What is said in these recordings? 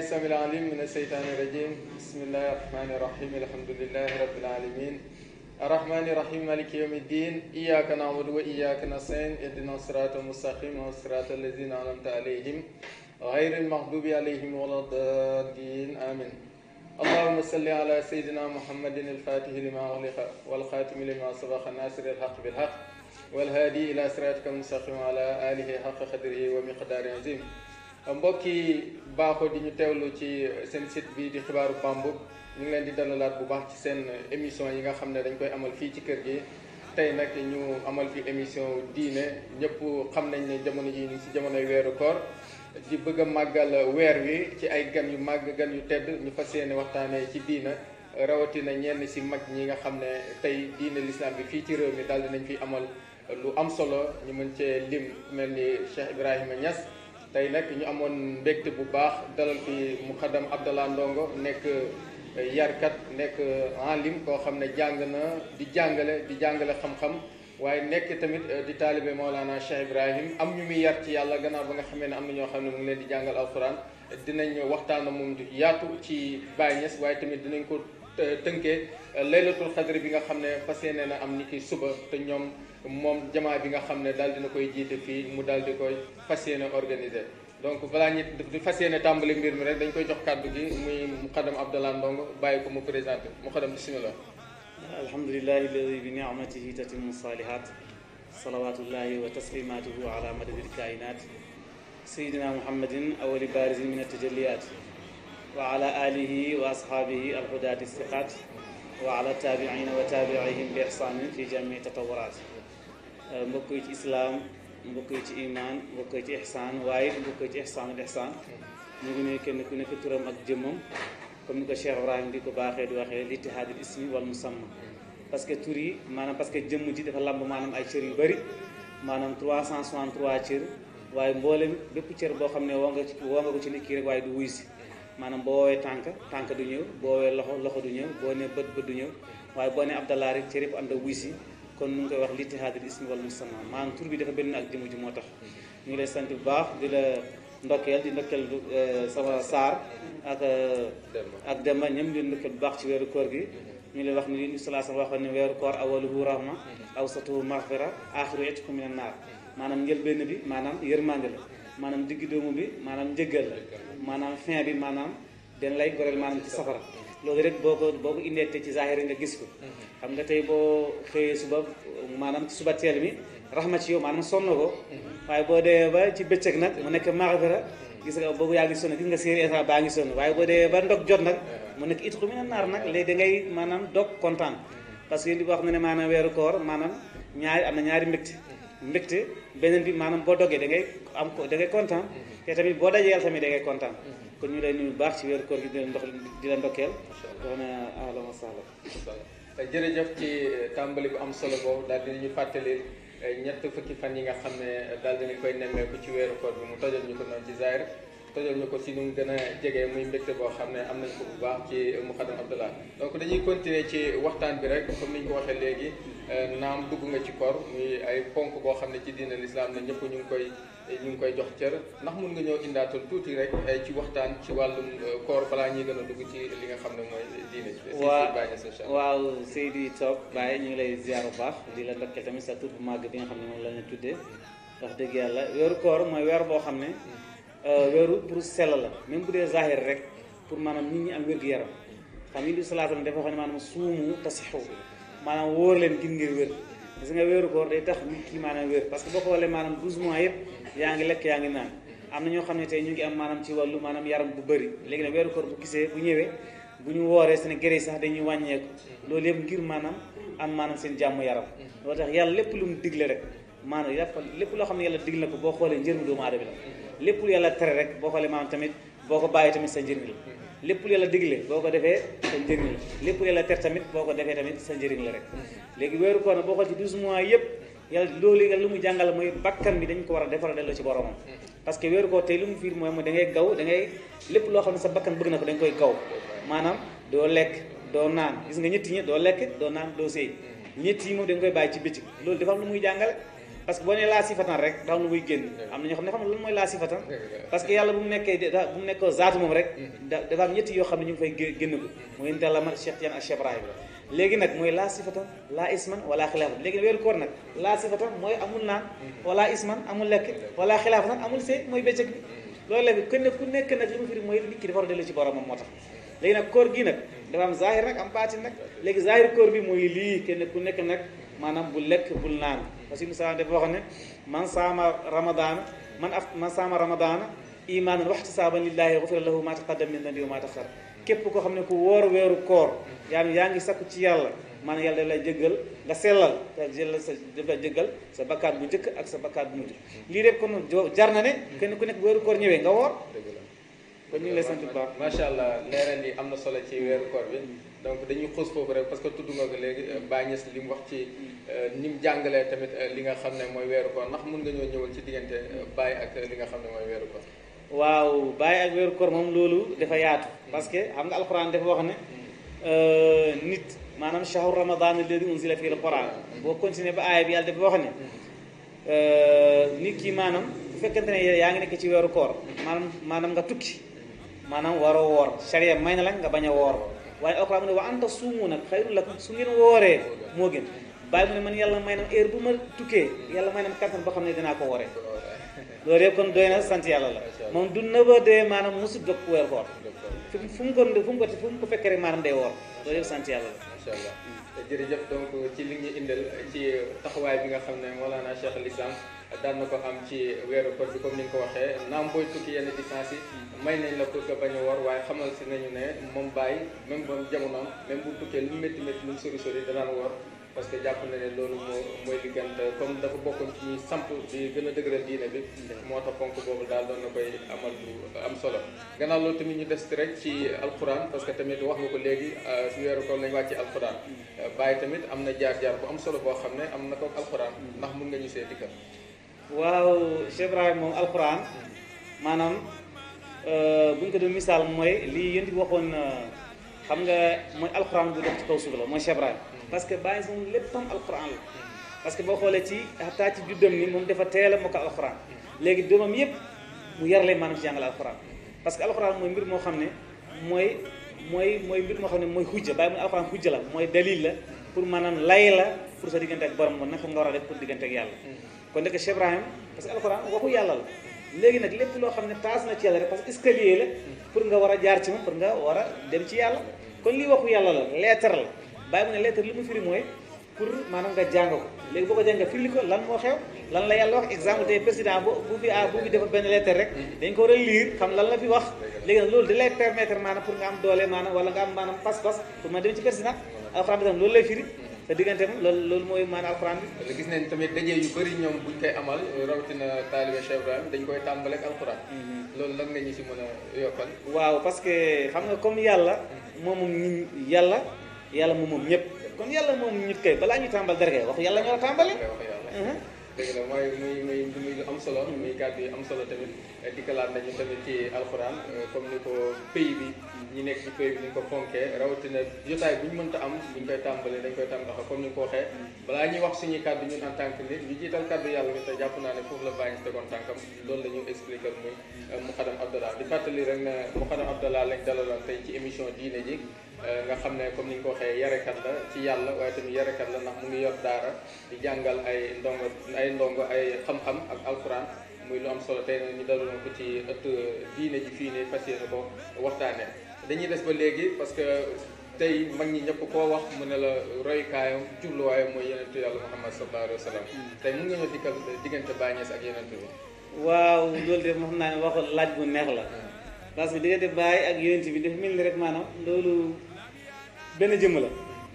السميع العليم من الشيطان الرجيم بسم الله الرحمن الرحيم الحمد لله رب العالمين الرحمن الرحيم مالك يوم الدين إياك نعبد وإياك نستعين اهدنا الصراط المستقيم صراط الذين أنعمت عليهم غير المغضوب عليهم ولا الضالين آمين اللهم صل على سيدنا محمد الفاتح لما أغلق والخاتم لما سبق الناصر الحق بالحق والهادي إلى صراطك المستقيم وعلى آله حق قدره ومقدار عظيم mbokk yi baaxoo di ñu teewlu ci seen site bi di xibaaru Bambuk ñu ngi leen di dalalaat bu baax ci seen émission yi nga xam ne dañ koy amal fii ci kër gi tey nag ñu amal fi émission diine ñëpp xam nañ ne jamono yi ñu si jamonoy weeru koor di bëgg a màggal weer wi ci ay gan yu màgg gan yu tedd ñu fas yéene waxtaanee ci diina rawatina ñenn si mag ñi nga xam ne tey diine lislaam bi fii ci réew mi daal dinañ fi amal lu am solo ñu mën cee lim mel ni Cheikh Ibrahima Niass. tey nag ñu amoon mbégte bu baax dalal fi Moukhadam Abdallah Ndongo nekk eh, yarkat nekk eh, alim koo xam ne jàng na di jàngale di jàngale xam-xam waaye nekk tamit eh, di taalibe Maolana Cheikh Ibrahim am ñu muy yar ci yàlla gannaaw ba nga xamee ne am na ñoo xam ne mu ngi leen di jàngal alquran dinañ waxtaan ak moom yaatu ci Baye Niass waaye tamit dinañ ko tënkee laylatul xadri bi nga xam ne fas yéene na am ni ki suba te ñoom moom jamaa bi nga xam ne daal dina koy jiite fii mu daal di koy fas yéene organiser donc balaa ñu di fas yéene tàmbali mbir mi rek dañ koy jox kàddu gi muy muqadam Abdallah Ndongo bàyyi ko mu présenté muqadam bisimilah alhamdulilahi alladi bi niamatihi tatimu salihat salawatullahi wa taslimatuhu ala madadil kainat sayidina muhammadin awali barisin min atajalliat wa ala alihi wa ashaabihi alhudaati siqat wa ala taabiina wa taabiihim bi ihsanin fi jami tatawurat Euh, mbokk yi ci islaam mbokk yi ci iman mbokk yi ci ihsaan waaye mbokk yi ci ihsaanul ihsaan mu ngi nuyu kenn ku nekk turam ak jëmmam comme ni ko Cheikh Ibrahim di ko baaxee di waxee litihaadul ismi wal musamma parce que tur yi maanaam parce que jëmm ji dafa lamb maanaam ay cër yu bëri maanaam 363 cër waaye mboolem bépp cër boo xam ne woo nga woo nga ko ci nit ki rek waaye du wuy si maanaam boo woowee tànk tànk du ñëw boo woowee loxo loxo du ñëw boo ne bët bët du ñëw waaye boo ne Abdallah rek cër yëpp ànd wuy si kon nu ngi koy wax litihaadil ismi wal musamma maanaam tur bi dafa benn ak jëmm ji moo tax ñu ngi lay sant bu baax di la ndokkeel di ndokkeel euh, sama saar ak euh, ak Demba ñoom leen ndokkeel bu baax ci weeru koor gi ñu lay wax ni li salaa sax waxoon ne weeru koor awaluhu rahma aw satuhu maghfira axiru itqu minan naar maanaam benn bi maanaam yërmande la maanaam diggi doomu bi maanaam njëggal la maanaam fin bi maanaam den lay goreel maanaam ci safara loolu rek boo ko boo ko indee te ci zahir nga gis ko mhm. xam nga tey boo xëyee suba maanaam suba teel mi mhm. ma ci yow maanaam sonn ko mhm. waaye boo dee ba ci bëccëg nag mu nekk maxfira gis nga boobu yaa ngi sonn gis nga séeri instant baa ngi sonn waaye boo dee ba ndog jot nag mu nekk it ko mu naar nag léegi da ngay maanaam dog kontaan parce que yéen di wax na ne maanaam weeru koor maanaam ñaari am na ñaari mbégte mbégte beneen bi maanaam boo dogee da ngay am da ngay kontaan te tamit boo dajee yàlla tamit da ngay kontaan kon ñu lay nuyu baax ci weeru koor di ndox di la ndokkeel wax na ahlan jërëjëf ci tàmbali bu am solo boobu daal dinañu fàttali eh, ñett fukki fan yi nga xam ne daal dinañ koy bu ci weeru koor bi mu tojal ñu ko noonu ci zaahir tojal ñu ko si nu mu gën a jege muy mbégte boo xam ne am nañ ko bu baax ci Moukhadam Abdallah donc dañuy continuer ci waxtaan bi rek comme ni ñu ko waxee léegi Euh, naam dugg nga ci koor muy ay ponk boo xam ne ci diine lislaam na ñëpp ñu ngi koy ñu ngi koy jox cër ndax mun nga ñëw indaatal tuuti rek euh, ci waxtaan ci wàll euh, koor balaa ñuy gën dugg ci li nga xam ne mooy diine ci waaw waaw Seydi Top Baye ñu ngi lay ziar bu baax di la ndokkee tamit sa tur bu màgg bi nga xam ne moom la tuddee wax dëgg yàlla weeru koor mooy weer boo xam ne weeru pour sell la même bu dee zahir rek pour maanaam nit ñi am wér-gu-yaram xam ni du salaatam dafa wax ne maanaam suumu tasixu maanaam wóor leen gin ngir wér gis nga wéeru koor day tax nit ki maanaam wér parce que boo ko walee maanaam 12 mois yëpp yaa ngi lekk yaa ngi naan am na ñoo xam ne tey ñu ngi am maanaam ci wàllu maanaam yaram bu bëri léegi nag weeru koor bu gisee bu ñëwee bu ñu wooree seen gere yi sax dañuy wàññeeku loolu yëpp ngir maanaam am maanaam seen jàmm yaram loolu tax yàlla lépp lu mu digle rek maanaam yàlla lépp loo xam ne yàlla digle na ko boo xoolee njëriñ doomu aadama lépp yàlla tere rek boo xoolee maanaam tamit boo ko bàyyi tamit sa njëriñ la lépp lu yàlla digle boo ko defee sa njëriñ la lépp lu yàlla ter tamit boo ko defee tamit sa njëriñ la rek léegi weeru koor na boo ko ci 12 mois yëpp yàlla loolu yàlla lu mu jàngale mooy bakkan bi dañ ko war a defar delloo ci boromam parce que weeru koor tey lu mu fiir mooy mooy da ngay gaw da lépp loo xam ne sa bakkan bëgg na ko da koy gaw maanaam doo lekk doo naan gis nga ñetti ñi doo lekk doo naan doo sëy ñett yi moom da koy bàyyi ci bëccëg loolu dafa lu muy jàngale parce que boo nee laa sifatan rek daa am lu muy génn am na ñoo xam ne xam lan mooy laa sifatan parce que yàlla bu mu nekkee bu mu nekkoo zaatu moom rek mm-hmm. dafa am mm-hmm. laa sifatan mooy amul naan mm-hmm. wala isman amul lekk wala xilaafatan amul mooy bëccëg bi loolu la ku ku nekk nag li mu firi a dellu ci boromam moo tax léegi nag koor gi bi mooy lii kenn ku nekk nag maanaam bu lekk bul naan parce que misaal dafa wax ne man saama ramadaana man af man saama ramadaana imaanan waxtisaaban lillaahi gufira lahu maa taqaddama min danbihi wa maa taxar képp koo xam ne ku woor weeru koor yaa yaa ngi sakku ci yàlla maanaam yàlla daf lay jëggal nga sellal sa daf lay jëggal sa bakkaat bu njëkk ak sa bakkaat bu mujj lii rek kon jar na ne kenn ku nekk weeru koor ñëwee nga woor kon ñu ngi macha allah leeral yi na solo ci weeru koor bi donc dañuy parce que tudd nga ko léegi bàñes li mu wax ci Euh, ni mu jàngalee tamit euh, li nga xam ne mooy weeru koor ndax mun nga ñoo ñëwal ci diggante euh, bàyyi ak li nga xam ne mooy weeru koor waaw bàyyi moom loolu dafa yaatu parce que xam nga alxuraan dafa wax ne nit maanaam shahru ramadan alladi unzila fiihi hmm. boo continuer ba aaya bi yàlla dafa wax ne hmm. nit maanaam bu fekkente ne yaa ngi nekk ci weeru koor maanaam maanaam nga tukki maanaam waroo woor charia may na la nga bañ a woor hmm. waaye alxuraan mu ne wa anta suumu nag xayrun lakum su ngeen wooree moo gën bàyyi mu ne man yàlla may na heure bu ma tukkee yàlla may na kattan boo xam ne dinaa ko woore loolu yëpp kon doy na sant yàlla la moom du nëba dee maanaam mosu dog weer koor fu mu ko fu mu ko fu mu ko fekkee rek maanaam day woor loolu yëpp sant yàlla la incha allah jërëjëf donc ci li ñu indal ci taxawaay bi nga xam ne Mawlana Cheikh al Islam daan na ko am ci weeru koor bi comme ni nga ko waxee naam booy tukki yenn distance yi may nañ la pour que bañ a woor waaye xamal si nañu ne moom bàyyi même boobu jamonoom même bu tukkee lu métti métti lu mu sori sori danaan woor parce que jàpp na ne loolu moo mooy diggante comme dafa bokkoon ci ñuy samp di gën a dëgëral diine bi moo tax ponk boobu daal doon na koy amal bu am solo gannaaw loolu tamit ñu des rek ci alquran parce que tamit wax nga ko léegi su euh, weeru ko lañ wàcc alquran euh, bàyyi tamit am na jaar-jaar bu am solo boo xam ne am na ko alquran ndax mun nga ñu seeti dikkal waaw Cheikh Ibrahima moom alquran maanaam euh, bu ñu ko doon misaal mooy lii yéen di waxoon xam nga mooy alquran bu mooy Cheikh parce que bàyyi moom léppam alquran la parce que boo xoolee ci xataa ci juddam ni moom dafa teel a mokk alquran léegi doomam yëpp mu yar leen maanaam ci jàngal alquran parce que alquran mooy mbir moo xam ne mooy mooy mooy mbir moo xam ne mooy xujja bàyyi mooy alquran xujja la mooy dalil la pour maanaam lay la pour sa diggante ak borom moom naka nga war a def pour diggante ak yàlla kon nekk Cheikh Ibrahim parce que alquran waxu yàlla la léegi nag lépp loo xam ne taas na ci yàlla rek parce que escalier la pour nga war a jaar pour nga war dem ci yàlla kon lii waxu yàlla la leetar la bàyyi mu ne lettre li mu firi mooy pour maanaam nga jàng ko léegi boo ko jàng nga firi ko lan moo xew lan la yàlla wax exemple tey président bu bu fi ah bu fi defar benn lettre rek dañ ko war a lire xam lan la fi wax léegi nag loolu da lay pour nga am doole maanaam wala nga am maanaam pas-pas pour ma dem ci président alxuraan bi tam loolu lay firi te diggante moom loolu mooy maanaam alxuraan bi gis nañ tamit daje yu bëri ñoom buñ koy amal rawatina taalibe Cheikh Ibrahim dañ koy tàmbale ak alxuraan mm-hmm. loolu lan nga ñu si mën a yokkal waaw parce que xam nga comme yàlla mm-hmm. moom nit yàlla yàlla moom moom ñëpp kon yàlla moom ñëpp kay balaa ñu tàmbal dara kay wax yàlla ñoo la tàmbale dëgg mhm. am solo muy kàddu am solo tamit dikkalaat nañu tamit ci alxuraan euh, comme ni ko pays bi ñu nekk ci pays bi ni ko fonkee rawatina jotaay bu ñu mënta am buñ koy tàmbalee dañ koy tàmbalee comme ni ko waxee balaa ñuy wax suñuy kàddu ñun en tant que nit ñu jiital kàddu yàlla bi te jàpp naa ne foofu la bàyyi tegoon tànkam loolu la ñu expliqué muy euh, Moukhadam Abdallah di fàttali rek na Moukhadam Abdallah lañ dalaloon tey ci émission diine ji Euh, nga xam ne comme ni ñu ko waxee yarekat la ci yàlla waaye tamit yarekat la ndax mu ngi yor daara di jàngal ay ndongo ay ndongo ay xam-xam ak alquran muy lu am solo tey ñu daloo ko ci ëtt diine ji fii ne fas yéene ko waxtaane dañuy des ba léegi parce que tey mag ñi ñëpp koo wax mu ne la royukaayam jubluwaayam mooy yonentu yàlla muhammad sallallahu alayhi wa sallam tey mun nga ñoo dikkal diggante Baye Niass ak yonentu bi waaw neex la ah. loolu benn jëmm la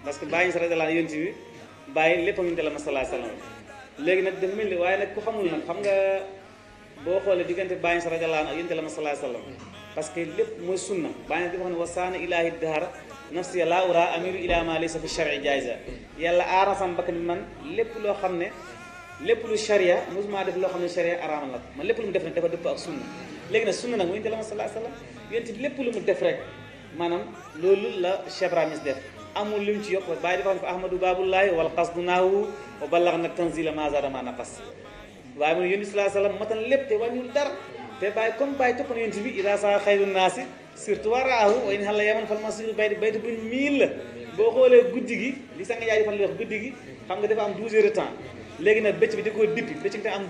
parce que bàyyi sa rajolaan yonent bi bàyyi lépp ñu teel a masala salaam léegi nag dafa mel ne waaye nag ku xamul nag xam nga boo xoolee diggante bàyyi sa rajolaan ak yonent la masala salaam parce que lépp mooy sunna bàyyi di wax ne wasaana ilaahi dahara nafsiya laa ura amiru ilaa maa laysa fi shari jaaza yàlla aar na sama man lépp loo xam ne lépp lu sharia mosuma def loo xam ne sharia araamal nag lépp lu mu dafa dëpp ak sunna léegi nag sunna nag mooy yonent la masala salaam lépp lu mu def rek maanaam loolu la Cheikh Ramis def amul lim ci yokk bàyyi dafa xam ne ko ahmadou babullahi wal qasdu naahu wa ballax na tanzila ma zada ma naqas waaye mu ne yónni salaa salaam matan lépp te wàññul dara te bàyyi comme bàyyi topp na yónni bi ida sa wa in xalla yaman fal masiru bay baytu buñ miil la boo xoolee guddi gi li sa nga yaay fan li wax guddi gi xam nga dafa am 12 heures de temps léegi nag bëcc bi da koo dippi bëcc bi te am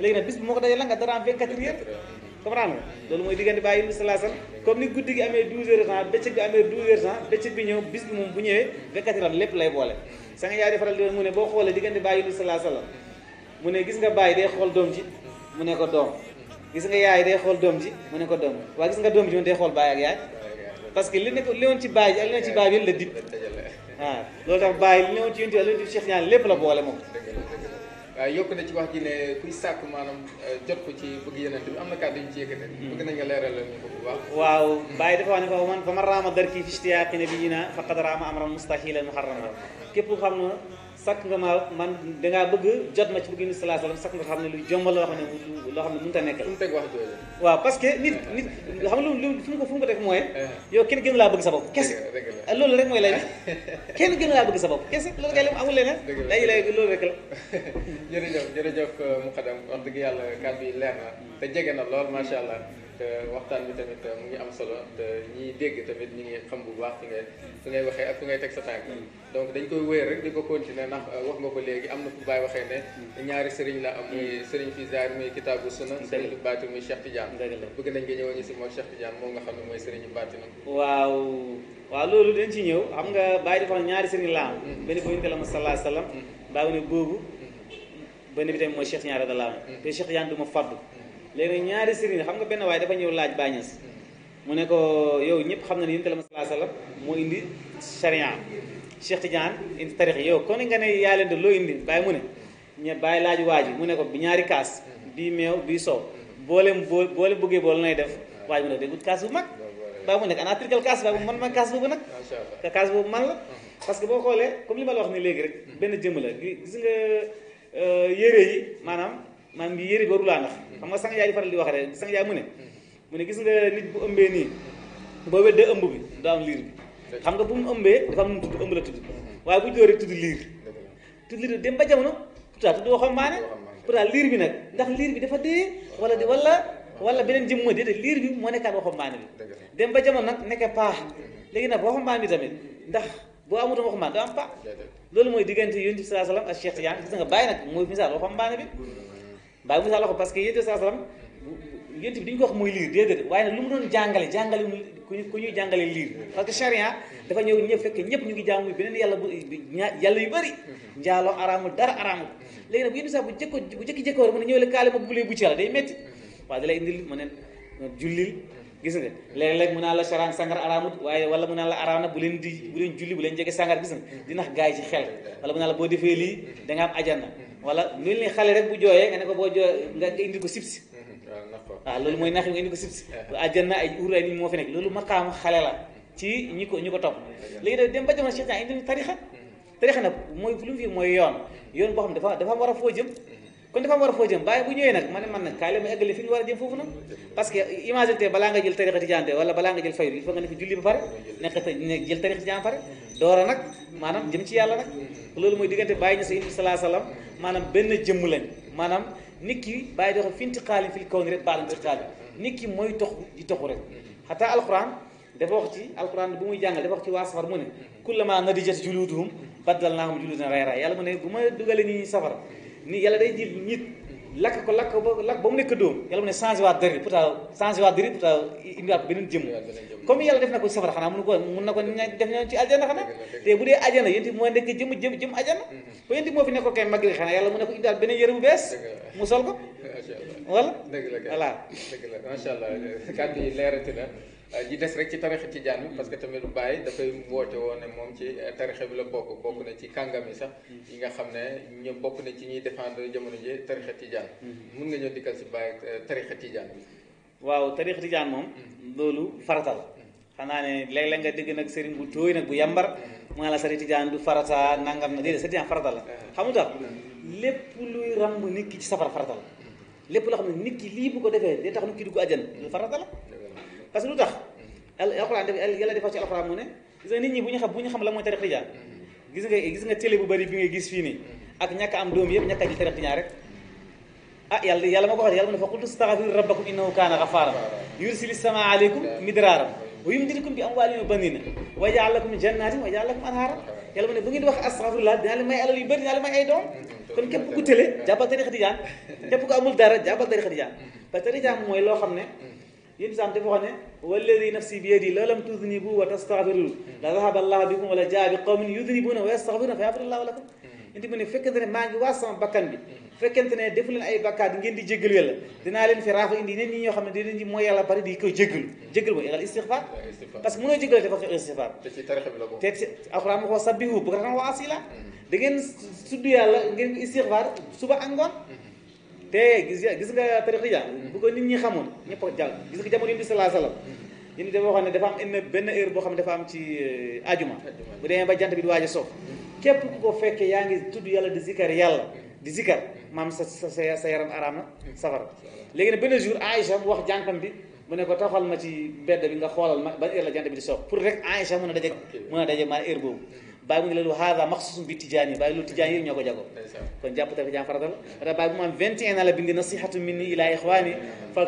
léegi nag bis bi moo ko dajee la nga dara am 24 heures comprendre nga loolu mooy diggante bàyyi bi salaa sallam comme ni guddi gi amee 12 heures de temps bëccëg bi amee 12 heures de bëccëg bi ñëw bis bi moom bu ñëwee vekkati ram lépp lay boole sa nga yaay defaral di mu ne boo xoolee diggante bàyyi bi salaa sallam mu ne gis nga bàyyi day xool doom ji mu ne ko doom gis nga yaay day xool doom ji mu ne ko doom waaye gis nga doom ji mu day xool baay ak yaay parce que li nekk li woon ci baay ji ak ci baay bi la d waaw loolu tax bàyyi li ne woon ci lépp la boole moom waaye euh, yokk na ci wax ji ne kuy sàkk maanaam euh, jot ko ci bëgg yeneen bi am na kàddu yu ñu ci yëkkate hmm. bëgg nañ nga leeral la ñu ko bu baax waaw bàyyi dafa wax ne foofu man na bëgg jot ma ci bëgg ni salaa salaam sàkk nga xam ne lu jombal loo a nekk mu teg wax waaw parce que nit nit xam nga lu fu mu ko fu mu ko teg mooy eh. yow kenn gën laa bëgg sa bopp kese Ah, loolu rek mooy lay bi kenn gën laa bëgg sa bopp kese loolu kay li mu amul leneen dañu lay loolu rek la jërëjëf jërëjëf Moukhadam wax dëgg yàlla kàddu yi leer a te jege na lool macha allah te waxtaan bi tamit mu ngi am solo te ñiy dégg tamit ñi ngi xam bu baax fi ngay fi ngay waxee ak fi ngay teg sa tànk mm. donc dañ koy wéy rek di ko continuer ndax euh, wax nga ko léegi am na fu bàyyi waxee ne mm. ñaari sëriñ la am muy mm. sëriñ fi zaar muy kitaabu sunna sëriñ baati muy Cheikh Tidiane bëgg nañ nga ñëwoon ñu si mooy Cheikh Tidiane moom nga xam na waaw waaw loolu dañ ci ñëw xam nga bàyyi dafa wax ñaari sëriñ la am benn boobu ñu ko la ma salaa salaam bàyyi ne boobu benn bi tamit mooy Cheikh a da la am te Cheikh Tidiane du léegi nag ñaari sëriñ xam nga benn waaye dafa ñëw laaj Baay Ñas mu ne ko yow ñëpp xam na ne yéen ma salaa sallam moo indi charia Cheikh Tidiane indi tarix yow kon nga ne yàlla leen de loo indi bàyyi mu ne ñe laaj waa ji mu ne ko bi ñaari kaas bi meew bii soow booleem boo boole bëggee bool nay def waa ji mu ne day wut kaas bu mag baa mu nekk ana tirkal kaas baa mu man ma kaas boobu nag te kaas boobu man la parce que boo xoolee comme li ma la wax ni léegi rek benn jëmm la gis nga euh, yére yi maanaam maanaam ngi yëre bi warulaa ndax xam nga sang yaay di faral di wax rek sang yaay mu ne mu ne gis nga nit bu ëmbee nii boo weddee ëmb bi du am xam nga bu mu ëmbee dafa am nu tudd ëmb la bu jóoree tudd liir tudd dem ba jamono pourtant tudd waxambaane pourtant liir bi nag ndax liir bi dafa dee wala di wala wala beneen jëm moo de liir bi moo nekkaat waxambaane bi dem ba jamono nag nekk paax léegi nag waxambaane bi tamit ndax boo amutoon waxambaane doo am paax loolu mooy diggante yonent bi sallallahu alayhi wasallam ak Cheikh Tijaan gis nga bàyyi nag bi bàyyi musaa la ko parce que yéen saa salaam yéen bi di ñu ko wax muy liir déedéet waaye nag lu mu doon jàngale jàngale ku ñu jàngale liir parce que charia dafa ñëw ñëpp fekk ñëpp ñu ngi jaamu beneen yàlla bu yàlla yu bëri njaaloo araamul dara araamul léegi nag bu bu jëkko bu jëkki-jëkkoo rek mu ne ñëw la kaale ma bulee bu ci metti waaye da lay indil mu jullil gis nga léeg-léeg mu naa la saraan sangar araamut waaye wala mu naa la araam na bu leen di bu leen julli bu leen jege sangar gis nga dinax gaay ci xel wala mu naa la boo defee lii da nga wala lu ne xale rek bu jooyee nga ne ko boo jooyee nga indi ko sibsi mm-hmm. waaw ah, loolu mooy nax nga indi ko sibsi mm-hmm. àjjana ay uur ay nit moo fi nekk loolu maqaam xale la ci ñi ko ñi ko topp mm-hmm. léegi da dem ba jamono seytaan indi ñu mooy yoon yoon boo xam dafa dafa war a foo jëm kon dafa war a foo jëm bàyyi bu ñëwee nag ma ne man nag kaay la ma eggale fi ñu war a jëm foofu nag parce que imagine te balaa nga jël tarixa tijaante wala balaa nga jël fayul il faut nga nekk julli ba pare nekk jël tarixa tijaante pare door nag maanaam jëm ci yàlla nag loolu mooy diggante bàyyi ñu sa indi salaa salaam maanaam benn jëmm leen maanaam nit ki bàyyi dox fi intixaali fil kawni rek baal intixaali nit ki mooy tox di toxu rek xataa alquran dafa wax ci alquran bu muy jàngal wax ci waa safar mu ne kullama nadijat juluduhum baddal naahum juludan ghayra yàlla mu ne bu ma dugalee nit ñi safar ni yàlla day jël nit lakk ko lakk ba lakk ba mu nekk dóom yàlla mu ne changé waat dëri pourtant changé waat dëri pourtant indiwaat beneen jëmm comme yàlla def na ko safara xanaa mun ko mun na ko def ñoon ci aljana xanaa te bu dee aljana yéen moo nekk jëm jëm jëm aljana mm-hmm. ba moo fi nekkoon kay mag yi xanaa yàlla mu ne ko indaal beneen yëre bu bees mu ko wala voilà kàddu yi leerati na euh, ñi des rek ci tarixa tijaan bi parce que tamit Baye dafay woote woon ne moom ci euh, tarixa bi la bokk bokk na ci kàngam yi sax mm-hmm. yi nga xam ne ñoom bokk na ci ñuy défendre jamono ji tarixa tijaan mm-hmm. mun nga ñëw dikkal si Baye euh, tarixa waaw tarix tijaan moom mm. loolu farata la xanaa ne léeg-léeg nga dégg nag sëriñ bu tooy nag bu yàmbar maa mm. la sëriñ tijaan du farata nangam na déedéet sëriñ tijaan farata la mm. xamu tax lépp luy ràmb nit ki ci safara farata la lépp loo xam ne nit ki lii bu ko defee day tax nit ki dugg àjjana lu farata la parce que lu tax alxuraan def yàlla defal ci alxuraan mu ne gis nga nit ñi bu ñu xam bu ñu xam la mooy tarix tijaan gis nga gis nga télé bu bari bi ngay gis fii nii ak ñàkk am doom yëpp ñàkk a ji tarix tijaan rek ah yàlla yàlla ma ko waxee yàlla ma ne fa qultu staghfiru rabbakum innahu kaana ghafaara yursili samaa aleykum midraaram wa yumdidkum bi amwaalin wa baniina wa yaj'al lakum jannatin wa yaj'al lakum anhaara yàlla ma ne bu ngeen di wax astaghfirullah dinaa leen may alal yu bëri dinaa leen may ay doom kon képp ku tële jàppal tariqa tijaan képp ku amul dara jàppal tariqa tijaan parce que tariqa mooy loo xam ne yéen saam dafa wax ne walladi nafsi bi yadi law lam tudnibu wa tastaghfiru la dhahaba allahu bikum wa la jaa bi qawmin yudnibuna wa yastaghfiruna fa yaghfiru allahu lakum indi mu ne fekkente ne maa ngi waas sama bakkan bi fekkente ne defu leen ay bakkaat ngeen di jégalu yàlla dinaa leen fi raafa indi yeneen ñi ñoo xam ne dinañ ci mooy yàlla bari di koy jégalu jégalu parce que mënoo jégalu te fa istixfaar te ci tarixa la ko te ci alxuraan ma ko wa asila mm-hmm. da ngeen yàlla ngeen istixfaar suba ak mm-hmm. te gis gis nga tarixa bu ko nit ñi xamoon ñëpp ko jàll gis nga jamono yi di ñu dafa waxoon ne dafa am benn heure boo xam ne dafa am ci euh, ajuma bu demee ba jant bi di waaj a képp ku ko fekkee yaa ngi tudd yàlla di zikar yàlla di zikar maam sa sa sa yaram araam na safara léegi ne benn jour Aïcha mu wax jànkam bi mu ne ko taxal ma ci mbedd bi nga xoolal ma ban a daje mun a daje maa heure boobu bàyyi mu ne leen haada maxsusun bi tijaan yi bàyyi loolu tijaan yi ñoo ko jago kon jàpp tamit jàng farata la ata bu mu am 21 ans la bindi nasihatu minni ila ixwaani fal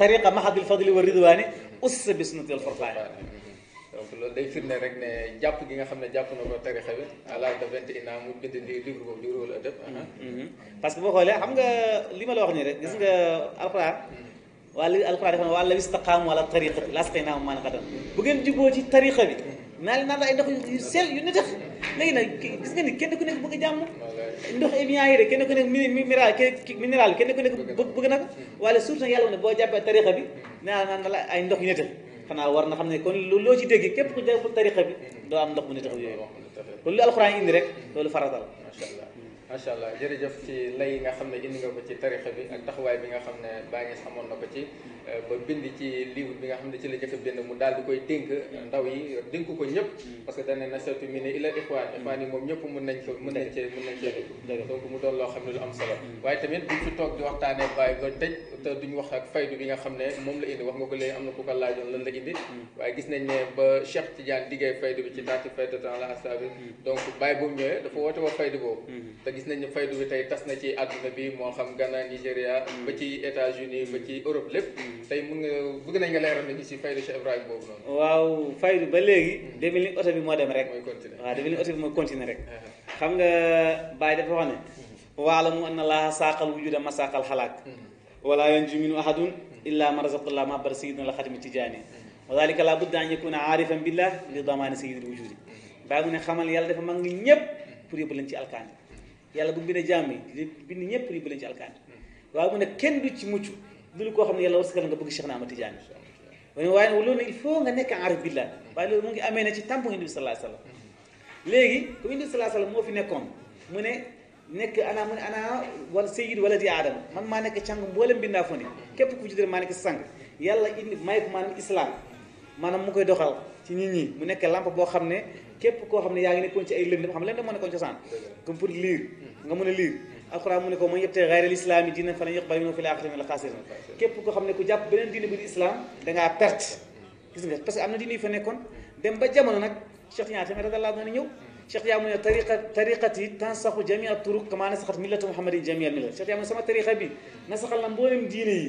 tariqa mahadil fadli wa ridwani ussa bisnati al furqaani donc loolu day firnde rek ne jàpp gi nga xam ne jàpp na ko tarixa bi à l'âge de vingt et un ans mu bind li livre boobu di ruwal adab mhm. parce que boo xoolee xam nga li ma la wax nii rek gis nga alquran mhm. waa li alquran dafa ne wala istaqaamu ala tariqati lasqaynaahum maa'an ghadaqan bu ngeen juboo ci tarixa bi naa leen naan ay ndox yu sel yu nitax léegi nag gis nga ni kenn ku nekk bëgg jàmm ndox émiens yi de kenn ku nekk minéral kenn ku nekk bëgg na ko wala surtout yàlla ne boo jàppee tarixa bi naa naan na la ay ndox yu nettal xanaa war na xam ne kon loo ci dégg képp ku jàppul tarixa bi doo am ndox mu nettal yooyu kon lu alxuraan indi rek loolu farata macha allah jërëjëf ci lay yi nga xam ne indi nga ko ci tarixa bi ak taxawaay bi nga xam ne Baye Niass xamoon na ko ci euh, ba bind ci livre bi nga xam ne ci la jëkk a bind mu daal di koy dénk ndaw yi dénk ko ñëpp parce que dane nasatu mi ne ila ixwaan ixwaan moom ñëpp mun nañ ko mun nañ cee mu doon loo xam ne lu am solo waaye tamit duñ fi toog di waxtaanee Baye ba tëj duñ wax ak faydu bi nga xam ne moom la indi wax nga ko léegi am na ku ko laajoon lan la indi hmm. waaye gis nañ ne ba Cheikh Tidiane diggee faydu bi ci taati faydu temps la asabi hmm. donc Baye boobu ñëwee dafa woote wa faydu boobu hmm. gis nañ ne faydu tas na ci àdduna bi moo xam Ghana Nigéria ba ci États-Unis ba ci Europe lépp tey mun nga bëgg nañ nga leeral nañu si faydu Cheikh Ibrahima boobu noonu waaw faydu ba léegi hmm. defe ni oto bi moo dem rek waaw defe ni uh-huh. xam nga Baye dafa wax ne hmm. waalamu anna laaha saaqal wujuda ma saaqal xalaak hmm. wala yanju minu ahadun illa ma razaqallah ma bar sayidna la xatimi tijaani wa dalika la budda ne xamal yàlla defa mag ngi ñëpp pour yóbbu lañ ci alkaani yàlla bu mu bindee yi bind ñëpp yóbbu leen ci alkaani waaye mu ne kenn du ci mucc dul koo xam ne yàlla wërsëgal nga bëgg Cheikh na Ahmad Tidiane waaye loolu nag il faut nga nekk arif billah waaye loolu mu ngi amee ne ci tàmpu léegi comme indi bi sallallahu moo fi nekkoon mu ne nekk ana mu ne ana wala sayyid wala di aadama man maa nekk càng mboolem bindaa fo képp ku ci dër maa nekk sang yàlla indi may ko maanaam islam maanaam mu koy doxal ci nit ñi mu nekk lampe boo xam ne képp koo xam ne yaa ngi nekkoon ci ay lëndëm xam lëndëm moo nekkoon cosaan comme pour lire mm. nga mën a mm. ko man yabtaghi ghayra al-islami diinan falan yuqbala minhu fil akhirati mina al-khasirin képp xam ne ku jàpp beneen diine bu islam dangaa perte mm. gis nga parce que am na diine yu fa nekkoon dem ba jamono nag cheikh yaa tamit radiyallahu anhu ñëw cheikh yaa mu ne tariqa tariqati tansaxu jamia turuq kama millatu muhammadin yaa mu ne sama tariqa bi nasaxal na mboolem diine yi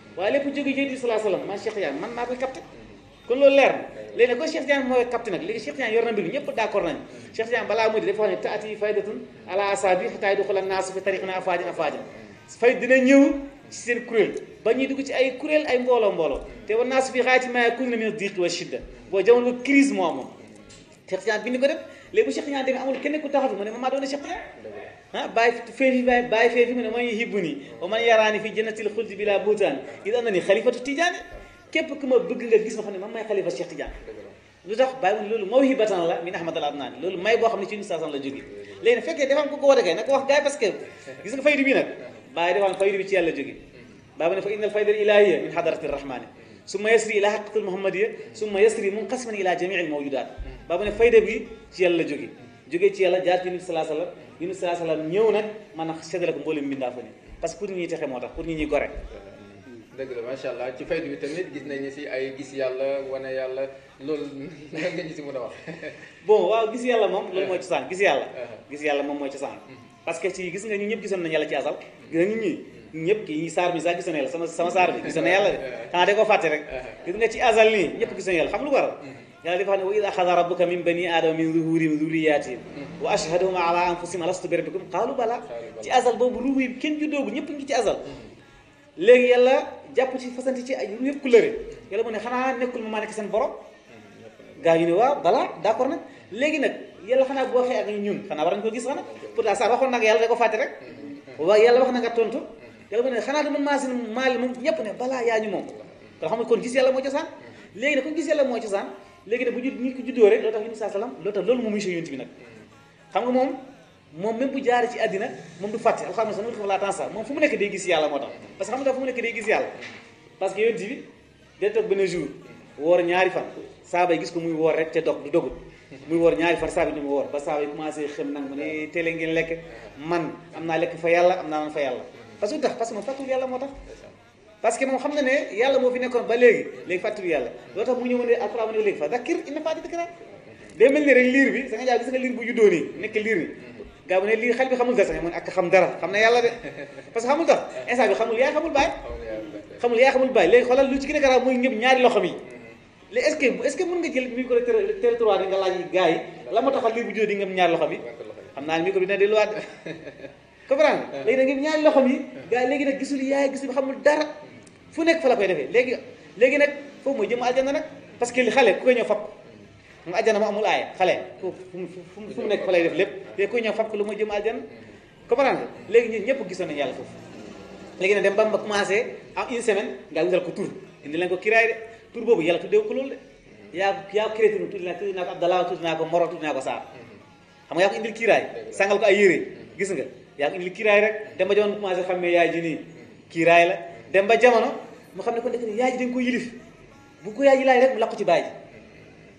waaye lépp jóge jooju salaa salaam man Cheikh Tidiane man maa koy capté kon loolu leer na léegi nag kon mooy capté nag léegi Cheikh Tidiane yor na ñëpp d'accord nañ Cheikh Tidiane balaa muy di dafa wax ba ñuy dugg ci ay kuréel ay mbooloo mbooloo te wa naasu fi xaayati maa yakunu min diiqi wa shidda boo jamono crise moo amoon Cheikh Tidiane bind ko def léegi bu Cheikh Tidiane amul kenn ku taxatu mu ne ma maa doon Cheikh Tidiane ها باي في باي في من من يحبني ومن يراني في جنة الخلد بلا بوتان إذا أنني خليفة التجاني كيف كما بغنا جسم خني ما ما خليفة الشيخ تجاني lu tax bàyyiwuñ loolu mawhibatan la min ahmad al adnani loolu may boo xam ne ci ñu saasan la jóge léegi nag fekkee dafa am ko ko woote kay nag ko wax gaay parce que gis nga faydu bi nag bàyyi dafa am faydu bi ci yàlla jóge baa mu ne fa ilahiya min hadarati rahmani summa yasri ila haqiqati jógee ci yàlla jaar ci yunus salaa salaam yunus salaa salaam ñëw nag maanaam séddale ko mboolem mbindaa fa ni parce que pour nit ñi texe moo tax pour nit ñi gore macha allah ci faydu bi gis nañu si ay gis yàlla wane yàlla loolu lan nga ñu si mën a wax bon waaw gis yàlla moom loolu mooy eh. cosaan gis yàlla eh. gis yàlla moom mooy cosaan parce que si gis nga ñu ñëpp gisoon nañu yàlla ci asal gis nga ñun ñii ñëpp ki saar bi sax gisoon yàlla sama sama saar bi gisoon yàlla de eh. xanaa da koo fàtte gis nga ci asal nii ñëpp yàlla xam lu waral mm-hmm. yàlla di ko wax ne wa ba axada rabbuka min bani aadama min zuhurihim zurriyatihim wa ashhaduhum ala anfusihim alastu bi rabbikum qaalu bala ci azal boobu ruux yi kenn juddoogu ñëpp ngi ci azal léegi jàpp ci fasanti ci ay ruux yëpp ku lëre yàlla xanaa nekkul ma maa nekk seen borom gaa ñu ne waaw bala d'accord nag léegi nag yàlla xanaa bu waxee ak ñun xanaa war nañu ko gis xanaa pourtant sax waxoon nag yàlla ko fàtte rek waaye yàlla wax na nga tontu yàlla mu ne xanaa dama moom ñëpp ne balaa yaa ñu moom kon xam nga kon gis yàlla mooy cosaan léegi nag kon gis yàlla mooy cosaan léegi nag bu ñu nit ki juddoo rek loo tax yonent saa salaam loo tax loolu moom mission yonent bi nag xam nga moom moom même bu jaaree ci àddina moom du fàtte alxam ne sama laa moom fu mu nekk day gis yàlla moo tax parce que xam nga fu mu nekk day gis yàlla parce que yonent bi day toog benn jour woor ñaari fan saabay gis ko muy woor rek te dog du dogut muy woor ñaari fan saaba ni mu woor ba saaba yi commencé xam nag mu ne teel ngeen lekk man am naa lekk fa yàlla am naa naan fa yàlla parce que moo tax parce que moom xam na ne yàlla moo fi nekkoon ba léegi léegi fàttali yàlla loo tax mu ñëwoon ne ne léegi ne léegi xoolal lu a garaaw mooy ñëpp ñaari loxo yi léegi léegi nag gisul yaay gisul xamul dara fu nekk fa la koy defee léegi léegi nag foofu mooy jëm aljana nag parce que li xale ku koy ñëw fab mu aljana mu amul aaya xale fu mu nekk fa lay def lépp léegi ku koy ñëw fab ko lu mooy jëm aljana comprendre léegi ñun ñëpp gisoon nañu yàlla foofu léegi nag dem ba mu commencé en une semaine nga wutal ko tur indi ko kiraay de boobu yàlla tuddee ko loolu de yaa yaa ko créé tur tudd naa tudd naa ko Abdallah tudd naa ko Moro tudd naa ko Saar xam nga yaa ko indil kiraay sangal ko ay yére gis nga yaa ko indil kiraay rek dem ba jamono commencé xammee yaay ji nii kiraay la dem ba jamono moo xam ne ko ndekk ne yaay ji dañ ko yilif bu ko yaay ji laaj rek mu làqu ci baay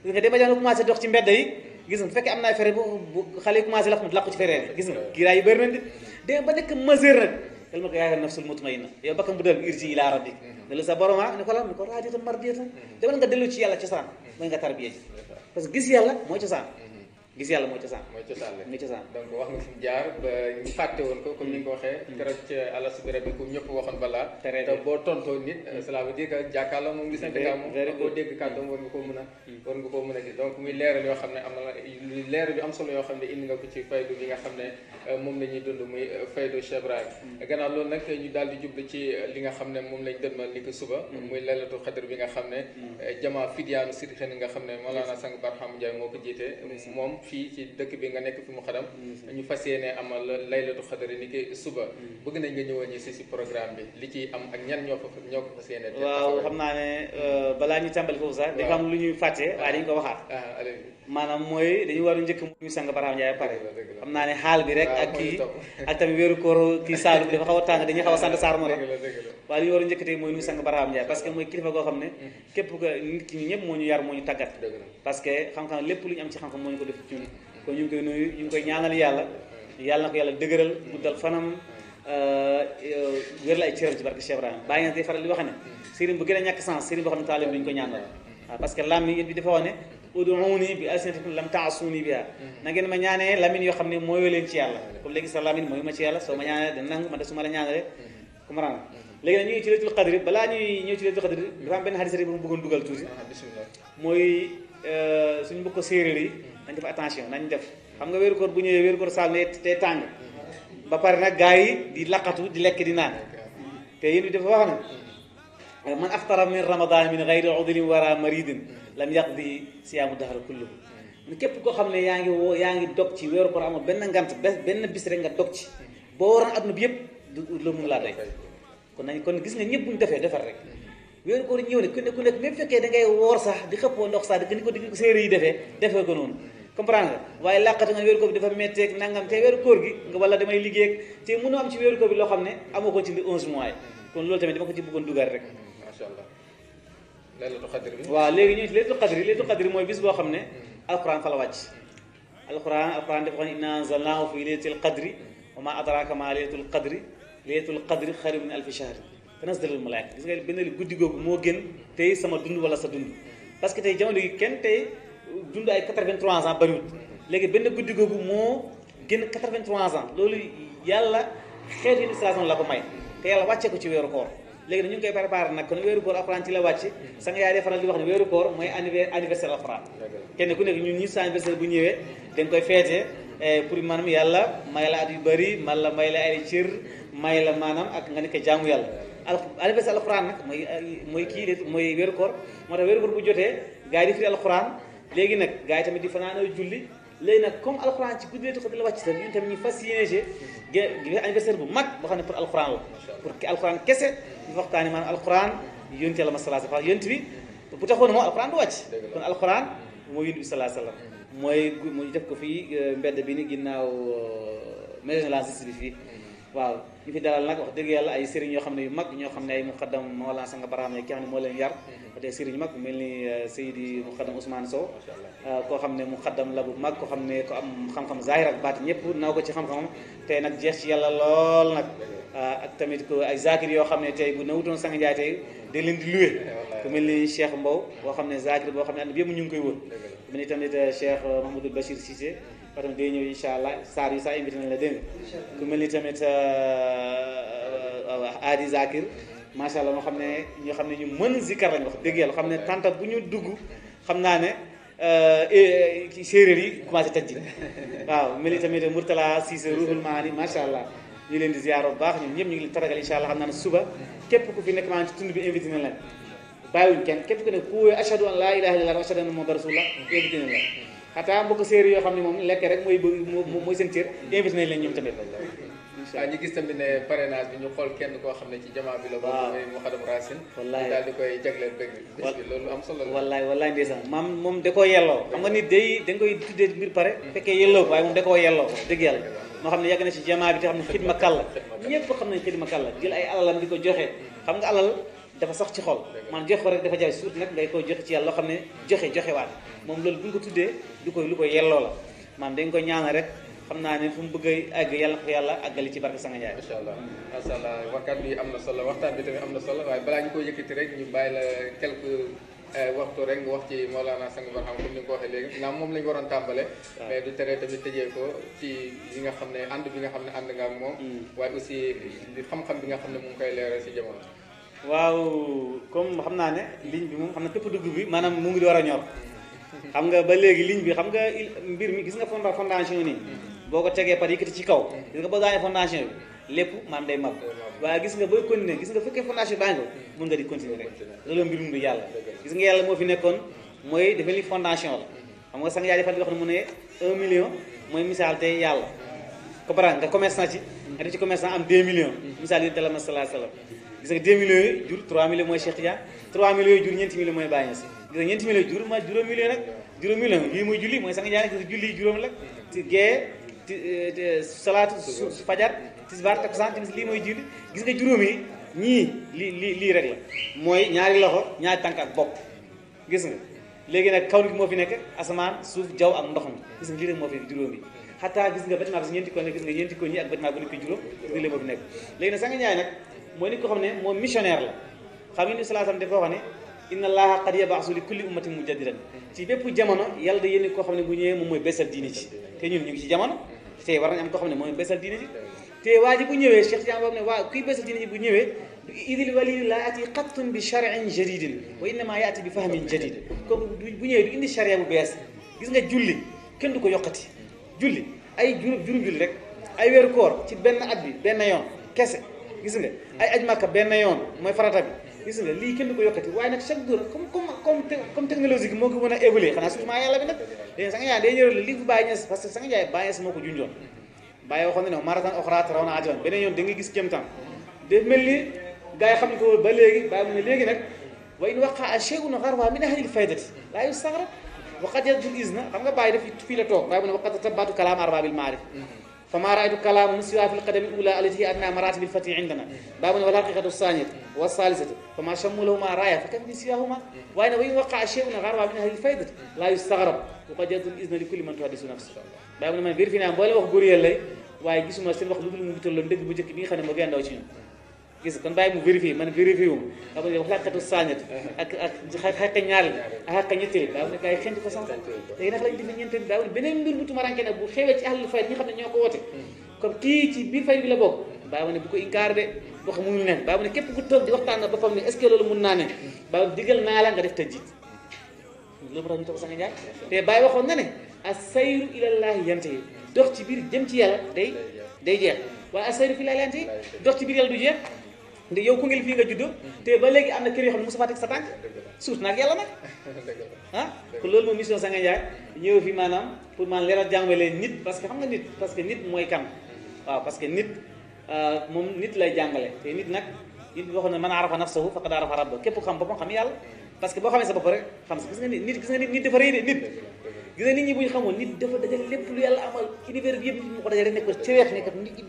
ji nga dem ba am naa fere bu xale yi commencé làqu làqu ci fere gis nga kiiraay yi bëri nañ de dem ba nekk mesure nag tel ma ko yaay nafsul mutmainna yow bakkan bu dal irji ila rabbik ne la sa ah, ko la ne ko raadiyatan demal nga dellu ci yàlla cosaan mooy nga tarbiya ji parce que gis yàlla mooy cosaan gis yàlla mooy cosaan mooy cosaan la mooy cosaan donc wax nga fi jaar ba ñu fàtte ko comme ni ko waxee mm-hmm. keroog ci àlas bi rab bi ku ñëpp waxoon balaa te boo tontoo nit euh, cela veut dire que jàkkaarloo moom li sant kàmm a war nga koo mën a muy leeral yoo xam ne am na lu leeral yu am solo yoo xam ne indi nga ko ci faydu bi nga xam ne euh, moom la ñuy dund muy euh, faydu chebrail mm-hmm. gannaaw loolu nag ñu daal di jublu ci li nga xam ne moom lañ dënmal ni ko suba mm-hmm. muy leelatu xadar bi nga xam ne jamaa fidiyaanu sirixen nga xam ne Mawlana Sang Barham Ndiaye moo ko jiite moom fii ci dëkk bi nga nekk fi mu xadam ñu fas yéene amal laylatu xadari ni ki suba mm. bëgg nañ nga ñëwoon ñu si si programme bi li ci am ak ñan ñoo ko ñoo ko fas yéene waaw xam naa ne euh, balaa ñu tàmbali foofu sax dafa am lu ñuy fàtte waaye dañ ko waxaat ah, maanaam mooy dañu war a njëkk mu sang Barham Ndiaye pare xam naa ne xaal bi rek ak kii ak tamit wéeru koor kii saalu bi dafa xaw a tàng dañuy xaw a sant saar a njëkk tey la ay cëram ci barke mm-hmm. a ñàkk sens sëriñ boo xam ko mm-hmm. bi dafa wax ne uduuni bi alsinatikum lam taasuuni biha hmm. na ngeen ma ñaanee lamine yoo xam ne mooyoo leen ci yàlla hmm. comme léegi sa lamine mooyu ma ci yàlla soo ma ñaanee dana nangu man de su ma la ñaanalee hmm. ci laylatul qadri balaa ñuy ci laylatul qadri dafa am benn bu mu bëggoon dugal tuuti ah, mooy euh, suñu mbokk ko séeréer yi nañ def attention nañ def xam nga wéeru bu ñëwee wéeru saal ne tey tàng ba pare nag gars yi di laqatu di lekk di naan te yéen bi dafa wax na man aftara min ramadan min gayri udlin wara maridin lam yaqdi siyaamu dahra kulluhu képp koo xam ne yaa ngi wo yaa ngi dog ci weeru koor amul benn ngant benn bis rek nga dog ci boo waroon adduna bi yëpp du loo mun laa kon nañ kon gis nga ñëpp buñ defar rek weeru koor ñëw ne ku ne ku fekkee da ngay woor sax di ndox sax di ko di ko defee defee ko noonu comprendre waaye làqatu nga weeru koor bi dafa métteeg nangam te gi wala damay liggéey te mënoo am ci weeru koor bi loo xam ne amoo ci li onze mois kon loolu tamit dama ko ci bëggoon dugal rek incha allah laylatul xadri bi. waaw léegi ñu laylatul xadri laylatul xadri mooy bis boo xam ne. alquran fa la wàcc. alquran alquran dafa wax ne inna anzalnaahu fi laylatil qadri wa maa adraaka maa laylatul qadri laylatul qadri xayrun min alfi shahr tanazzalul malaayika gis nga benn guddi googu moo gën tey sama dund wala sa dund parce que tey jamono yi kenn tey dund ay 83 ans bariwut léegi benn guddi googu moo gën 83 ans loolu yàlla xeetu illustration la ko may te yàlla wàccee ko ci weeru koor léegi nag ñu ngi koy préparé nag kon weeru koor alxuraan ci la wàcc sa yaay dee faral di wax ne weeru koor mooy anniversaire alxuraan kenn ku nekk ñun ñi sa anniversaire bu ñëwee da nga koy feete eh, pour maanaam yàlla may la at yu bëri man la may la ay cër may la maanaam ak nga nekk jaamu yàlla al anniversaire alxuraan nag mooy mooy kii de mooy weeru koor moo tax weeru koor bu jotee gars yi di firi alxuraan léegi nag gaa yi tamit di fanaanoo julli léegi nag comme alxuraan ci guddi ko di la wàcc sax ñun tamit ñu fas yéene anniversaire bu mag boo xam ne pour alxuraan la pour alxuraan kese ñu waxtaani maanaam alxuraan yonent Yàlla ma sallallahu alayhi wa sallam yonent bi bu taxoon moo alxuraan du wàcc kon alxuraan mooy yonent bi sallallahu alayhi wa sallam mooy mu def ko fii euh, mbedd bi ni ginnaaw euh, maison de la justice hmm. waaw ñu fi dalal nag wax dëgg yàlla ay sëriñ yoo xam ne yu mag ñoo xam ne ay muqaddam Mawlana Sanga Barham ki nga xam ne moo leen yar te mhm. sëriñ mag mel ni euh, Seydi muqaddam Ousmane Sow euh, koo xam ne muqaddam la bu mag koo xam ne ko am xam-xam zahir ak baat ñëpp naw ko ci xam-xamam te nag jeex ci yàlla lool euh, ak tamit ko ay zakir yoo xam ne tey bu nawutoon wutoon Ndiaye tey da leen di luwe eh, ku mel ni Cheikh Mbow boo xam ne zakir boo xam ne ànd bi yëpp ñu ngi koy wër mel ni tamit Cheikh Mahmoudou Bachir Cissé par exemple day ñëw incha allah saar yu sax invité nañ la dégg ku mel ni tamit aadi euh, euh, euh, zakir macha allah moo xam ne ñoo xam ne ñu mën zikar lañ wax dëgg yàlla xam ne tanta bu ñu dugg xam naa ne eh, eh, séeréer yi commencé tëj waaw mel ni tamit Mourtala Cissé ruhul maani macha allah ñu leen di ziar bu baax ñun ñëpp ñu ngi leen taragal incha allah xam naa ne suba képp ku fi nekk maanaam ci tund bi invité nañ la bàyyiwuñ kenn képp ku nekk ku ashadu an laa ilaaha illallaah xataa mbokk séeréer yoo xam ne moom lekk rek mooy mooy seen cër invité nañ leen ñoom tamit. waaw koo xam ne ci jamaa bi la. waaw boobu mooy Mouhadam Racine. wallaay daal di koy jagleel bëgg bi loolu maam moom da koo yelloo. xam nga nit day da nga koy tuddee mbir pare. Hmm. fekkee yelloo waaye moom da koo yelloo dëgg yàlla. moo xam ne yàgg na ci jamaa bi te xam ne xidma kàlla ñëpp xam nañ xidma kàlla jël ay alalam di ko joxee hmm. xam nga alal dafa sax ci xol man joxe ko rek dafa jaay suut nag ngay koy joxe ci yàlla loo xam ne joxe joxe waat moom loolu bu ñu ko tuddee du koy lu koy yelloo la maanaam dañ ko ñaanal rek xam naa ne fu mu bëgg a àgg yàlla ko yàlla àggali ci barke Sanga Njaay incha allah macha allah waxtaan bi am na solo waxtaan bi tamit am na solo waaye balaa ñu koy yëkkati rek ñu bàyyi la quelque euh, waxtu rek nga wax ci Mawlana Sang Barham comme ni nga ko waxee léegi naam moom la waroon tàmbale mais du tere tamit tëjee ko ci nga xam ne ànd bi nga xam ne ànd nga ak moom mm. waaye aussi bi nga xam ne mu koy leeral si jamono waaw comme xam naa ne ligne bi moom xam na képp dugg bi maanaam mu ngi war a ñor xam nga ba léegi ligne bi xam nga mbir mi gis nga fond fondation nii boo ko tegee par yëkkati ci kaw gis nga ba daanee fondation bi lépp maam day mab waaye gis nga booy continuer gis nga fekkee fondation baa ngi mun nga di continuer rek loolu mbirum du yàlla gis nga yàlla moo fi nekkoon mooy defe li fondation la xam nga sang yaa defal di wax ne mu ne un million mooy misaal tey yàlla comprendre nga commerçant ci nga ci commerçant am deux millions misaal yi dala ma salaa gis nga 2 millions yooyu jur 3 millions mooy Cheikh Tidiane 3 millions yooyu jur ñeenti millions mooy Baye Niass gis nga ñeenti millions jur ma juróom millions nag juróom millions lii mooy julli mooy sang gis nga yi juróom la ñii lii lii lii rek la mooy ñaari loxo ñaari tànk ak bopp gis nga léegi nag kaw gi moo fi nekk asamaan suuf jaww ak ndox mi gis nga gis nga bâtiment bi ñeenti koñ yi ak bâtiment bu nekk juróom gis nga lii léegi nag sang jaane nag mooy nit ko xam ne moom missionnaire la xam ngeen ni salaasam dafa wax ne inna allaha qad yab'asu li kulli ummatin mujaddidan ci bépp jamono yalla da yéen koo xam ne bu ñëwee moom mooy beesal diine ci te ñun ñu ngi ci jamono te war nañ am koo xam ne mooy beesal diine ci te waa ji bu ñëwee Cheikh Tidiane boobu ne waa kuy beesal diine ji bu ñëwee idil waliyu laa yati qattun bi sharin bi fahmin jadid kooku du indi charia bu bees gis nga julli kenn du ko yokkati julli ay juróom juróom julli rek ay weeru koor ci benn at bi benn yoon kese gis nga ay aj màkka benn yoon mooy farata bi gis nga lii kenn du ko yokkati waaye nag chaque jour comme comme comme technologie bi a nag sa nga jaay day ñëral lii yoon da nga gis kéemtaan de mel ni gars xam ko ba léegi bàyyi mu ne léegi nag wa in waqaa shay'un xarwa min ahlil faydati laa yustaxrab waqat xam nga bàyyi daf fii la toog bàyyi mu ne waqat tabaatu kalaam arbabil maarif فما رأيت كلام سوى في القدم الأولى التي هي أدنى مراتب الفتح عندنا باب والحقيقة الثانية والثالثة فما شملهما راية فكم من سواهما وأين وإن وقع شيء غرب من أهل الفائدة لا يستغرب وقد يجد الإذن لكل من تحدث نفسه باب من بير فينا بولا وخبري الله waaye gisuma seen wax lu dul mu wutal la ndëgg bu njëkk bi nga xam ne moo gën a ndaw ci ñun gis kon bàyyi mu vérifié man vérifié wu ma xam nga yow xàqatu saañat ak ak xàq ñaari yi xent ko sànq léegi nag ne ñoo ko bi la bokk ko inkaar de wax mënul ne bàyyi ma ne képp ku toog di waxtaan na boppam ne te bàyyi waxoon na ne a sayru ilallaahi yante yi dox ci biir jëm ci yàlla day day jeex waaye a sayru fi laa yante yi dox ci biir yàlla du jeex nga yow ku ngeen fii nga juddoo te ba léegi am na kër yoo xam ne Moustapha teg sa tànk suuf naag yàlla nag ah kon loolu moom mission Sanga Ndiaye ñëw fi maanaam pour maanaam leeral jàngale nit parce que xam nga parce que nit mooy kan waaw parce que euh, boo xam ne man arafa nafsahu faqad arafa rabba képp xam boppam xam yàlla parce que boo xamee sa bopp rek xam sa gis nga nit nit dafa rëy de nit gis nga nit ñi xamoon nit dafa dajal lépp lu yàlla amal univers bi yëpp ko dajal nekk ci weex nekk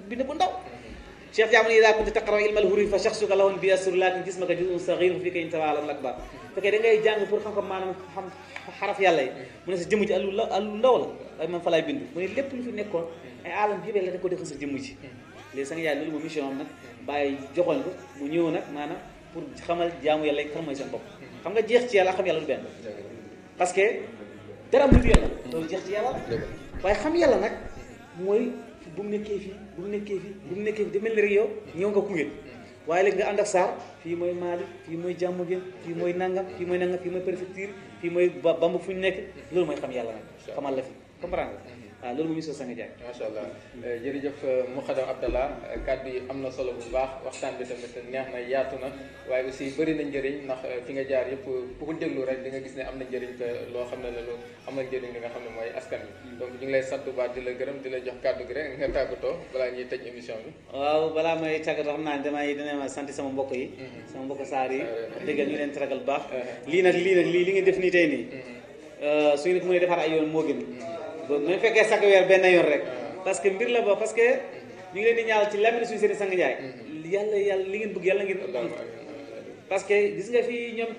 bi ne bu ndaw cheikh jaamani ida kunte taqra ilma al-huruf fa shakhsuka lahun bi asr lakin jismaka juz'un saghir fi kay intawa al akbar fekkee da ngay jàng pour xam-xam maanaam xam xaraf yàlla mu ne sa jëmm ji allu la allu ndaw la man fa bindu mu ne lépp alam yëpp la da ko defoon sa jëmm ji léegi sa nga yaay loolu moom mission am nag bàyyi joxoon mu ñëw nag maanaam pour xamal jaamu yàlla yi mooy seen bopp xam nga jeex ci yàlla xam yàlla du benn parce que mu yàlla loolu jeex mu nekkee fii bu mu nekkee fi bu mu nekkee fi di mel ni rek yow ñëw nga Koungheul waaye léegi nga ànd ak Sarr fii mooy Mali fii mooy Diamaguène fii mooy nangam fii mooy nangam fii mooy préfecture fii mooy Bamba fu ñu nekk loolu mooy xam yàlla nag xamal la fi comprendre nga waaw ah, loolu mooy mission Sénégal. macha allah eh, jërëjëf eh, Moukhadam Abdallah eh, kàddu yi am na solo bu baax waxtaan bi tamit neex na yaatu na waaye aussi bëri na njëriñ ndax fi nga jaar yëpp bu ko déglu rek di nga gis ne am na njëriñ loo xam ne la lu am na njëriñ li nga xam ne mooy askan bi hmm. donc ñu ngi lay sant bu baax di la gërëm di la jox kàddu gi rek nga tàggatoo balaa ñuy tëj émission bi. waaw balaa may tàggatoo xam naa damay dina sant sama mbokk yi. Hmm. sama mbokk saar yi. dëggal ñu leen taragal baax. lii nag lii nag lii li nga def nii tey nii su ñu ko defar ay moo gën hmm. nañ fekkee sag weer benn yoon rek parce mbir la ba parce ñu ngi leen ñaal ci lamine suñu seen sang njaay mm-hmm. yàlla yàlla li ngeen bëgg yàlla ngeen am parce gis nga fii ñoom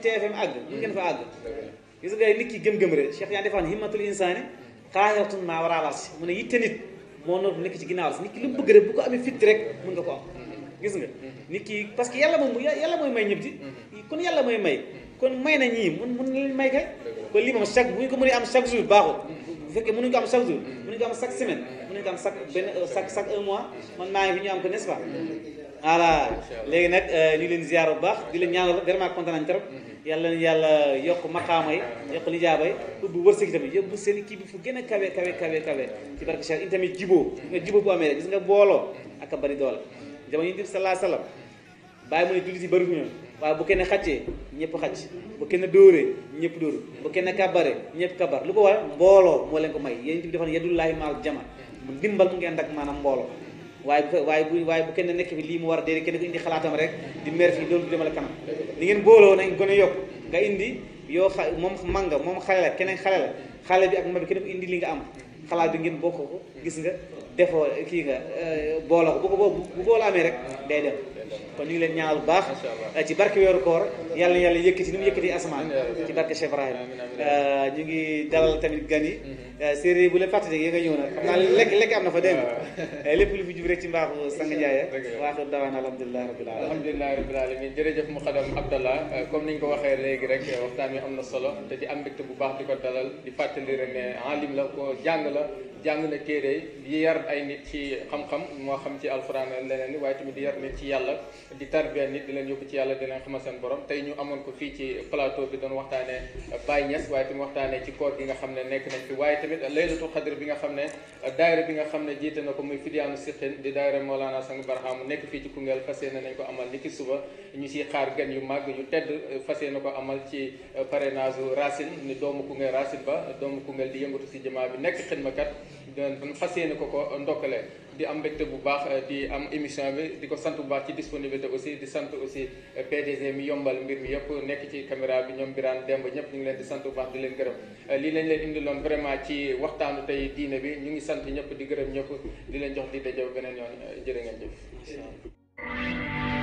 ki gëm-gëm rek Cheikh yaa defaan himmatul insaani xaayaatun maa a alarsi mu ne yitte nit moo mm-hmm. mm-hmm. yàlla moom yàlla mooy may ñëpp kon yàlla mooy may kon may na ñii mun mun leen may kay kon lii am chaque jour baaxul fekkee mënuñu ko am chaque jour mënuñu ko am chaque semaine mënuñu ko am chaque benn euh, chaque chaque un mois man maa fi ñu am ko n'est-ce léegi nag euh, ñu ngi leen ziar bu baax di leen ñaanal vraiment kontaan nañ trop yàlla na yàlla yokk maqaama yi yokk lijaaba yi ubbi wërsëg tamit yëpp seen kii bi fu gën a kawe kawe kawe kawe ci barke Cheikh itamit jiboo nga jiboo bu amee gis nga booloo ak a bari doole jamono yi dib salaa salaam bàyyi mu ne jullit yi bari ñoom waaye bu kenn xaccee ñëpp xacc bu kenn dóoree ñëpp dóor bu kenn kabare ñëpp kabar lu ko war mbooloo moo leen ko may yéen itam dafa ne yadullaahi maal jama ndimbal mu ngi ànd ak maanaam mbooloo waaye bu waaye waaye bu kenn nekk fi lii mu war a déedéet kenn ko indi xalaatam rek di mer fii loolu du demale kanam ni ngeen booloo nañ gën a nga indi yoo xa moom nga moom xale la keneen xale la xale bi ak ma bi kenn ko indi li nga am xalaat bi ngeen bokk ko gis nga defoo kii nga euh, booloo ko ko bu booloo amee rek day dem kon ñu ngi leen ñaanal bu baax ci barke weeru koor yàlla yàlla yëkkati ni mu yëkkati asamaan ci barke Cheikh euh, ñu ngi dalal tamit gan yi mhm. euh, séeréer bu leen fàttali yi nga ñëw na xam naa lekk lekk am na fa dégg euh, lépp lu fi jub rek ci mbaaxu sang Ndiaye waaxul dawaan alhamdulilah rabbil alamin alhamdulilah rabbil alamin jërëjëf Moukhadam Abdallah comme niñ ko waxee léegi rek waxtaan wi am na solo te di am mbégte bu baax di ko dalal di fàttali rek ne alim la ko jàng la jàng na téere yi yar ay nit ci xam-xam moo xam ci alxuraan leneen waaye tamit di ya nit ci yàlla yàlla di tarbiya nit di leen yóbbu ci yàlla di leen xamal seen borom tey ñu amoon ko fii ci plateau bi doon waxtaanee Baye Niass waaye tamit waxtaanee ci koor gi nga xam ne nekk nañ fi waaye tamit laylatul bi nga xam ne daayira bi nga xam ne jiite na ko muy Fidiyaanu Siqin di daayira Mawlana Sang Barhaamu nekk fii ci Koungheul fas yéene nañ ko amal ni ki suba ñu siy xaar gan yu màgg yu tedd fas yéene ko amal ci parrainage Racine ni doomu Koungheul Racine ba doomu Koungheul di yëngatu si jamaa bi nekk xidmakat doon fas yéene ko ko ndokkale di am mbégte bu baax euh, di am émission bi di ko sant bu baax ci disponibilité aussi di sant aussi euh, PDG mi yombal mbir mi yëpp nekk ci caméra bi ñoom Birane Demba ñëpp ñu ngi leen di sant bu baax di leen gërëm euh, lii lañ leen indiloon vraiment ci waxtaanu tey diine bi ñu ngi sant ñëpp di gërëm ñëpp di leen jox di daje beneen yoon jërë ngeen jëf